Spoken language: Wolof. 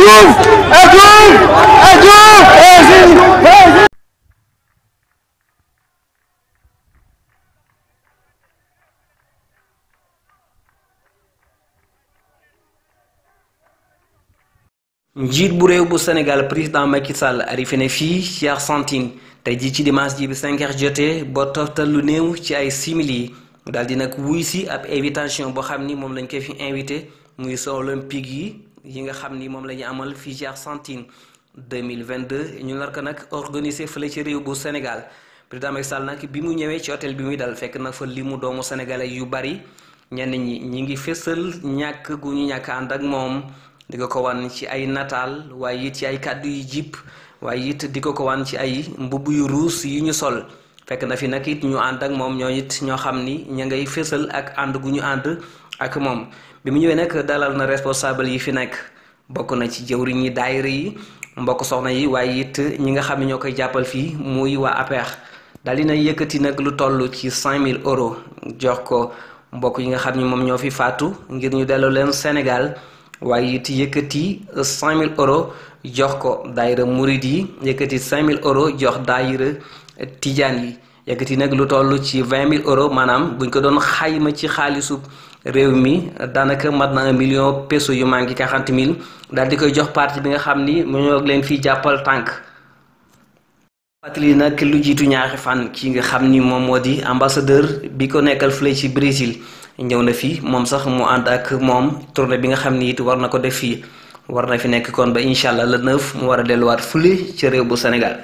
Diouf njiit bu réew bu Sénégal président Macky Sall arrivé na fii ci Argentine tey jii ci dimanche ji bi 5 heures jotee ba lu néew ci ay simili mu daal di wuy si ab invitation boo xam ni moom lañ ko fi invité muy sa olympique yi. yi nga xam ni moom la ñu amal fii mille Argentine deux ñu nar ko nag organiser fële ci réew bu Sénégal président Macky Sall nag bi mu ñëwee ci hôtel bi muy dal fekk na fa limu doomu sénégalais yu bari ñenn ñi ñi ngi fésal ñàkk gu ñu ñàkk ànd ak moom di ko ko wan ci ay nataal waaye it ci ay kàddu yu jip waaye it di ko ko wan ci ay mbubb yu ruus yu ñu sol. fekk na fi nag it ñu ànd ak moom ñoo it ñoo xam ni ñu ngay fësal ak ànd gu ñu ànd ak moom bi mu ñëwee nag dalal na responsable yi fi nekk bokk na ci jëwriñ yi daayira yi mbokk soxna yi waaye it ñi nga xam ne ñoo koy jàppal fii muy waa APR daal dina yëkkati nag lu toll ci 5000 euro jox ko mbokk yi nga xam ni moom ñoo fi faatu ngir ñu dellu leen Sénégal waaye it yëkkati 5000 euros. jox ko daayira murid yi yëkkati mille euros jox daayira tijaan yi yëkkati nag lu toll ci vingt 20000 euro maanaam buñ ko doon xayma ci xaalisu réew mi daanaka mat na un million peso yu manqué 40 mille daal di koy jox parti bi nga xam ni mu ñoo leen jàppal tànk fàttali nag lu jiitu ñaari fan ki nga xam ni moom moo di ambassadeur bi ko nekkal fële ci Brésil ñëw na fi moom sax mu ànd ak moom tournée bi nga xam ni it war na ko def fii war na fi nekk kon ba incha allah le 9 mu war a delluwaat fuli ci réew bu senegal